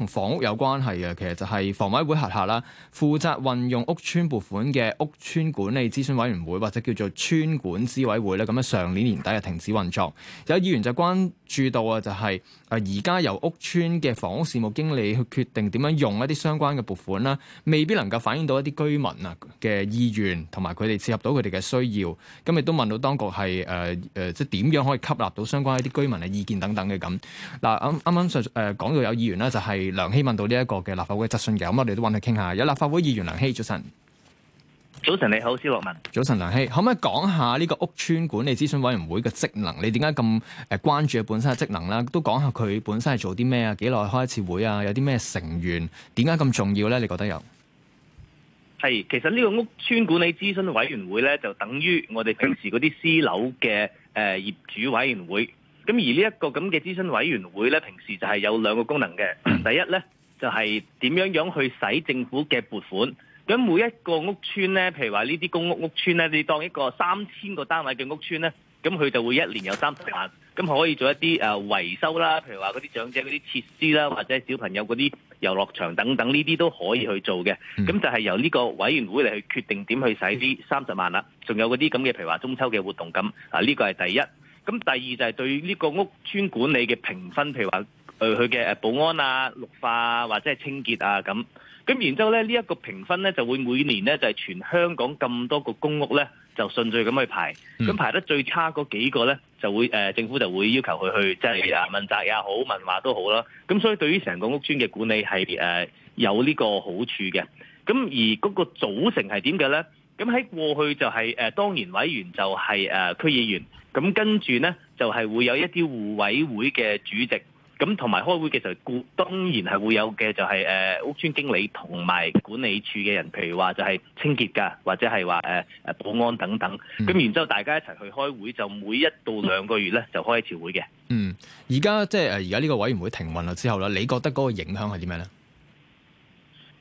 同房屋有關係嘅，其實就係房委會轄下啦，負責運用屋邨撥款嘅屋邨管理諮詢委員會，或者叫做村管支委會咧，咁樣上年年底就停止運作。有議員就關注意到啊，就係誒而家由屋邨嘅房屋事務經理去決定點樣用一啲相關嘅撥款啦，未必能夠反映到一啲居民啊嘅意願同埋佢哋切合到佢哋嘅需要。咁亦都問到當局係誒誒，即係點樣可以吸納到相關一啲居民嘅意見等等嘅咁。嗱，啱啱啱上誒講到有議員啦，就係、是、梁熙問到呢一個嘅立法會嘅質詢嘅，咁我哋都揾佢傾下。有立法會議員梁熙，早晨。早晨你好，蕭樂文。早晨梁熙，可唔可以講下呢個屋邨管理諮詢委員會嘅職能？你點解咁誒關注佢本身嘅職能啦？都講下佢本身係做啲咩啊？幾耐開一次會啊？有啲咩成員？點解咁重要咧？你覺得有？係，其實呢個屋邨管理諮詢委員會咧，就等於我哋平時嗰啲私樓嘅誒、呃、業主委員會。咁而呢一個咁嘅諮詢委員會咧，平時就係有兩個功能嘅。第一咧，就係點樣樣去使政府嘅撥款。咁每一個屋邨咧，譬如話呢啲公屋屋邨咧，你當一個三千個單位嘅屋邨咧，咁佢就會一年有三十萬，咁可以做一啲誒維修啦，譬如話嗰啲長者嗰啲設施啦，或者小朋友嗰啲遊樂場等等，呢啲都可以去做嘅。咁就係由呢個委員會嚟去決定點去使呢三十萬啦。仲有嗰啲咁嘅，譬如話中秋嘅活動咁啊，呢個係第一。咁第二就係對呢個屋邨管理嘅評分，譬如話誒佢嘅誒保安啊、綠化，或者係清潔啊咁。咁然之後咧，呢、這、一個評分咧就會每年咧就係、是、全香港咁多個公屋咧就順序咁去排，咁排得最差嗰幾個咧就會、呃、政府就會要求佢去即係、就是、問責也好、問話都好啦。咁所以對於成個屋邨嘅管理係、呃、有呢個好處嘅。咁而嗰個組成係點嘅咧？咁喺過去就係、是、誒、呃、當然委員就係、是呃、區議員，咁跟住咧就係、是、會有一啲互委會嘅主席。咁同埋開會嘅時候，當然係會有嘅、就是，就係屋邨經理同埋管理處嘅人，譬如話就係清潔噶，或者係話保安等等。咁、嗯、然之後大家一齊去開會，就每一到兩個月咧就開一次會嘅。嗯，而家即係而家呢個委員會停運啦之後咧，你覺得嗰個影響係點樣咧？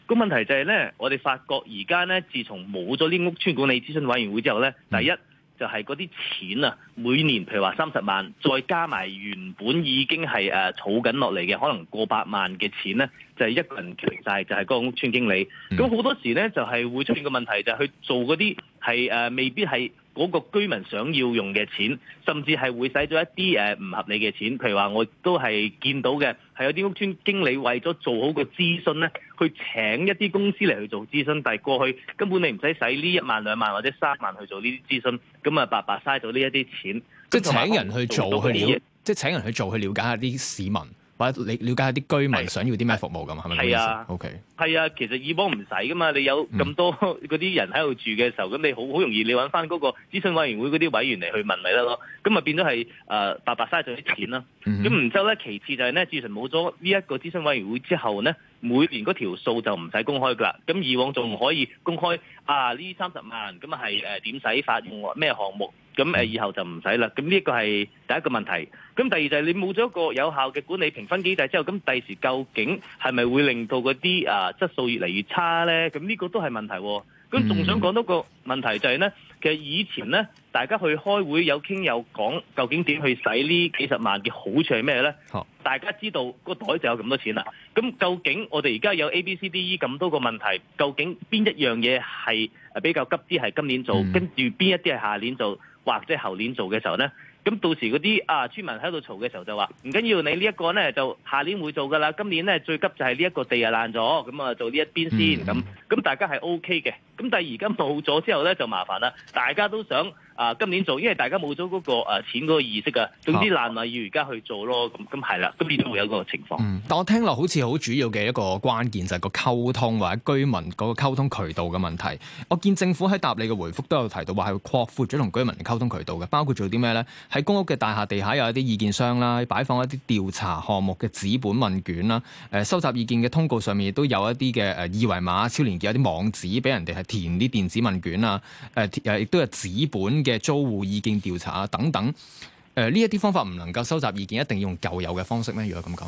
個問題就係咧，我哋發覺而家咧，自從冇咗呢屋邨管理諮詢委員會之後咧，第一，嗯就係嗰啲錢啊，每年譬如話三十萬，再加埋原本已經係誒儲緊落嚟嘅，可能過百萬嘅錢咧，就係一個人攢曬，就係個屋邨經理。咁好多時咧，就係會出現個問題，就係去做嗰啲係誒未必係。嗰個居民想要用嘅錢，甚至係會使咗一啲誒唔合理嘅錢。譬如話，我都係見到嘅，係有啲屋邨經理為咗做好個諮詢咧，去請一啲公司嚟去做諮詢，但係過去根本你唔使使呢一萬兩萬或者三萬去做呢啲諮詢，咁啊白白嘥咗呢一啲錢。即係請人去做去了，即係請人去做去了解下啲市民。或者你了解下啲居民想要啲咩服務咁，係咪？係啊，OK。係啊，其實以往唔使噶嘛，你有咁多嗰啲人喺度住嘅時候，咁、嗯、你好好容易你搵返嗰個諮詢委員會嗰啲委員嚟去問咪得咯。咁咪變咗係誒白白嘥咗啲錢啦。咁唔收咧，其次就係咧，自從冇咗呢一個諮詢委員會之後咧，每年嗰條數就唔使公開噶啦。咁以往仲可以公開啊，呢三十萬咁啊係誒點使法用咩項目？咁誒，以後就唔使啦。咁呢個係係第一個問題。咁第二就係你冇咗一個有效嘅管理評分機制之後，咁第時究竟係咪會令到嗰啲啊質素越嚟越差咧？咁呢個都係問題，哦。咁仲想講多個問題就呢，就係咧，其實以前咧，大家去開會，有傾有講，究竟點去使呢幾十萬嘅好處係咩咧？大家知道個袋就有咁多錢啦。咁究竟我哋而家有 A、B、C、D、E 咁多個問題，究竟邊一樣嘢係比較急啲係今年做，嗯、跟住邊一啲係下年做？或者後年做嘅時候咧，咁到時嗰啲啊村民喺度嘈嘅時候就話唔緊要，你呢一個咧就下年會做㗎啦，今年咧最急就係呢一個地啊爛咗，咁啊做呢一邊先，咁、嗯、咁大家係 OK 嘅，咁但係而家冇咗之後咧就麻煩啦，大家都想。啊！今年做，因為大家冇咗嗰個誒錢嗰個意識啊，總之難話要而家去做咯。咁咁係啦，今年都會有嗰個情況。但我聽落好似好主要嘅一個關鍵就係個溝通或者居民嗰個溝通渠道嘅問題。我見政府喺答你嘅回覆都有提到話係擴闊咗同居民嘅溝通渠道嘅，包括做啲咩呢？喺公屋嘅大廈地下有一啲意見箱啦，擺放一啲調查項目嘅紙本問卷啦，誒、呃、收集意見嘅通告上面亦都有一啲嘅誒二維碼、超連結有啲網址俾人哋係填啲電子問卷啊，誒、呃、亦都有紙本嘅。嘅租戶意見調查啊等等，誒呢一啲方法唔能夠收集意見，一定要用舊有嘅方式咩？如果咁講，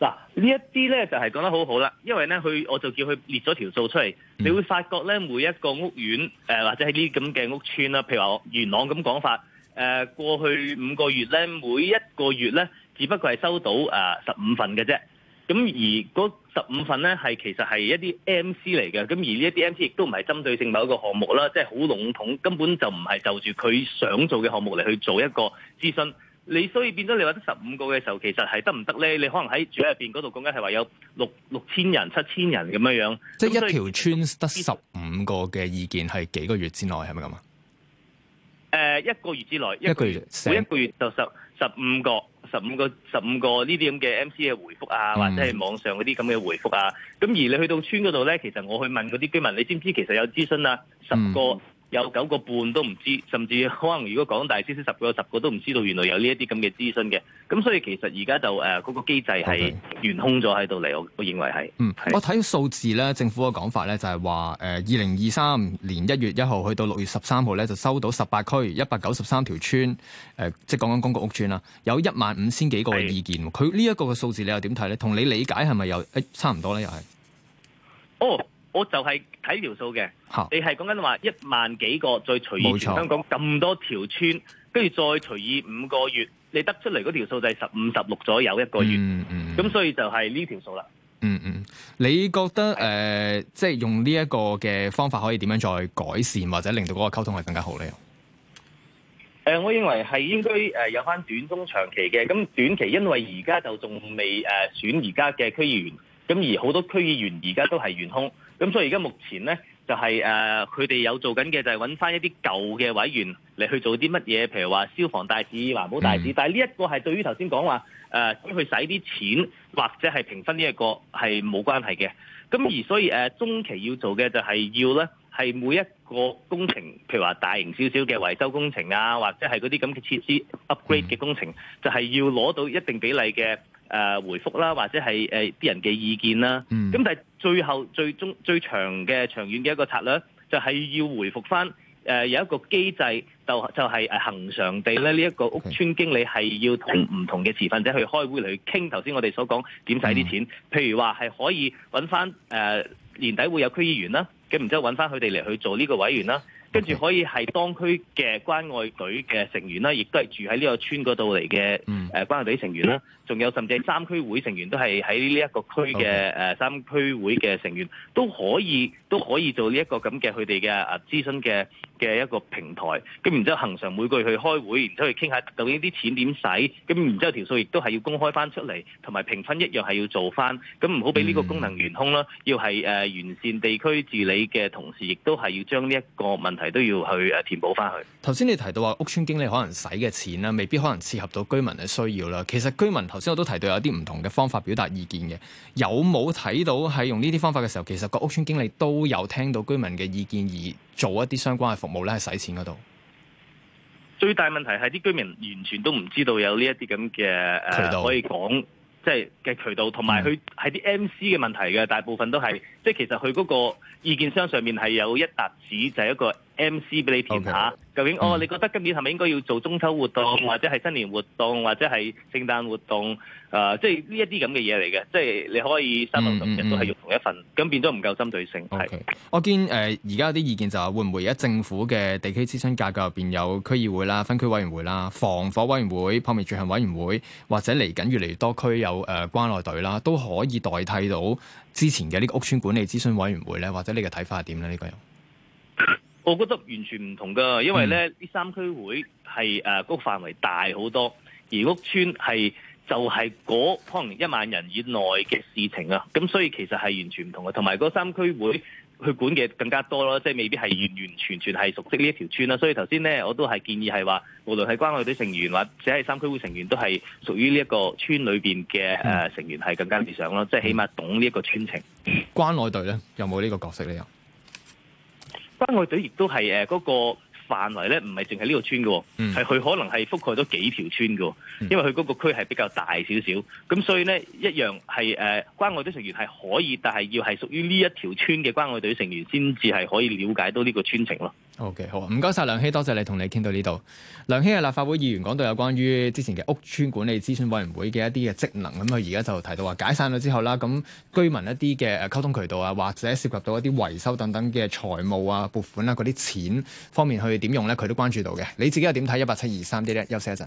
嗱呢一啲咧就係講得好好啦，因為咧佢我就叫佢列咗條數出嚟，你會發覺咧每一個屋苑誒或者喺呢啲咁嘅屋村啦，譬如話元朗咁講法，誒過去五個月咧每一個月咧只不過係收到誒十五份嘅啫。咁而嗰十五份咧，係其實係一啲 M C 嚟嘅。咁而呢一啲 M C 亦都唔係針對性某一個項目啦，即係好籠統，根本就唔係就住佢想做嘅項目嚟去做一個諮詢。你所以變咗你話得十五個嘅時候，其實係得唔得咧？你可能喺住喺入邊嗰度講緊係話有六六千人、七千人咁樣樣，即係一條村得十五個嘅意見係幾個月之內，係咪咁啊？誒、呃，一個月之內，一個月一個，每一個月就十十五個。十五個，十五個呢啲咁嘅 MC 嘅回覆啊，或者係網上嗰啲咁嘅回覆啊，咁而你去到村嗰度咧，其實我去問嗰啲居民，你知唔知其實有諮詢啊？十個。有九個半都唔知道，甚至可能如果講大少少，至十個十個都唔知道，原來有呢一啲咁嘅資訊嘅。咁所以其實而家就誒嗰、呃那個機制係懸空咗喺度嚟，我、okay. 我認為係。嗯，我睇數字咧，政府嘅講法咧就係話誒，二零二三年一月一號去到六月十三號咧，就收到十八區一百九十三條村，誒、呃，即係講緊公屋屋邨啦，有一萬五千幾個嘅意見。佢呢一個嘅數字你又點睇咧？同你理解係咪又誒差唔多咧？又係。哦、oh。我就係睇條數嘅，你係講緊話一萬幾個再除以香港咁多條村，跟住再除以五個月，你得出嚟嗰條數就係十五十六左右一個月。咁、嗯嗯、所以就係呢條數啦。嗯嗯，你覺得誒、呃，即係用呢一個嘅方法可以點樣再改善或者令到嗰個溝通係更加好咧？誒、呃，我認為係應該誒有返短中長期嘅。咁短期因為而家就仲未誒選而家嘅區議員。咁而好多區議員而家都係懸空，咁所以而家目前咧就係誒佢哋有做緊嘅就係搵翻一啲舊嘅委員嚟去做啲乜嘢，譬如話消防大使、環保大使。但係呢一個係對於頭先講話誒去使啲錢或者係評分呢、這、一個係冇關係嘅。咁而所以誒、呃、中期要做嘅就係要咧係每一個工程，譬如話大型少少嘅維修工程啊，或者係嗰啲咁嘅設施 upgrade 嘅工程，嗯、就係、是、要攞到一定比例嘅。誒、呃、回覆啦，或者係誒啲人嘅意見啦。嗯，咁但係最後最終最長嘅長遠嘅一個策略，就係要回覆翻誒有一個機制，就就係恒常地咧呢一個屋邨經理係要同唔同嘅持份者去開會嚟、嗯、去傾。頭先我哋所講點使啲錢，譬如話係可以搵翻誒年底會有區議員啦，咁然之後搵翻佢哋嚟去做呢個委員啦。跟住可以係當區嘅關愛隊嘅成員啦，亦都係住喺呢個村嗰度嚟嘅誒關愛隊成員啦。仲有甚至三區會成員都係喺呢一個區嘅誒三區會嘅成員都可以都可以做呢一個咁嘅佢哋嘅誒諮詢嘅嘅一個平台。咁然之後恒常每個月去開會，然之後去傾下究竟啲錢點使。咁然之後條數亦都係要公開翻出嚟，同埋評分一樣係要做翻。咁唔好俾呢個功能懸空啦，要係誒完善地區治理嘅同時亦都係要將呢一個問題。係都要去誒填補翻佢。頭先你提到話屋邨經理可能使嘅錢啦，未必可能切合到居民嘅需要啦。其實居民頭先我都提到有啲唔同嘅方法表達意見嘅，有冇睇到喺用呢啲方法嘅時候，其實個屋邨經理都有聽到居民嘅意見而做一啲相關嘅服務咧，係使錢嗰度。最大問題係啲居民完全都唔知道有呢一啲咁嘅渠道、啊。可以講即係嘅渠道，同埋佢係啲 MC 嘅問題嘅，大部分都係、嗯、即其實佢嗰個意見箱上面係有一沓紙就係、是、一個。M.C. 俾你填下，okay。究竟哦？你覺得今年係咪應該要做中秋活動，嗯、或者係新年活動，或者係聖誕活動？誒、呃，即係呢一啲咁嘅嘢嚟嘅，即、就、係、是、你可以三六五日都係用同一份，咁、嗯嗯、變咗唔夠針對性。Okay. 我見誒而家有啲意見就係會唔會而家政府嘅地區諮詢架構入邊有區議會啦、分區委員會啦、防火委員會、撲滅罪行委員會，或者嚟緊越嚟越多區有誒、呃、關愛隊啦，都可以代替到之前嘅呢個屋邨管理諮詢委員會咧？或者你嘅睇法係點咧？呢、這個我覺得完全唔同㗎，因為咧啲、嗯、三區會係誒個範圍大好多，而屋邨係就係、是、嗰可能一萬人以內嘅事情啊，咁所以其實係完全唔同嘅。同埋個三區會去管嘅更加多咯，即係未必係完完全全係熟悉呢一條村啦、啊。所以頭先咧，我都係建議係話，無論係關愛隊成員或者係三區會成員，都係屬於呢一個村裏邊嘅、呃嗯呃、成員係更加理想咯，即係起碼懂呢一個村情。嗯、關愛隊咧有冇呢個角色咧？有。關愛隊亦都係嗰個範圍咧，唔係淨係呢個村嘅，係、嗯、佢可能係覆蓋咗幾條村喎。因為佢嗰個區係比較大少少，咁所以咧一樣係誒、呃、關愛隊成員係可以，但係要係屬於呢一條村嘅關愛隊成員先至係可以了解到呢個村情咯。O.K. 好，唔該晒梁熙，多謝你同你傾到呢度。梁熙係立法會議員，講到有關於之前嘅屋邨管理諮詢委員會嘅一啲嘅職能，咁佢而家就提到話解散咗之後啦，咁居民一啲嘅溝通渠道啊，或者涉及到一啲維修等等嘅財務啊撥款啊嗰啲錢方面去點用呢？佢都關注到嘅。你自己又點睇？一八七二三點咧？休息一陣。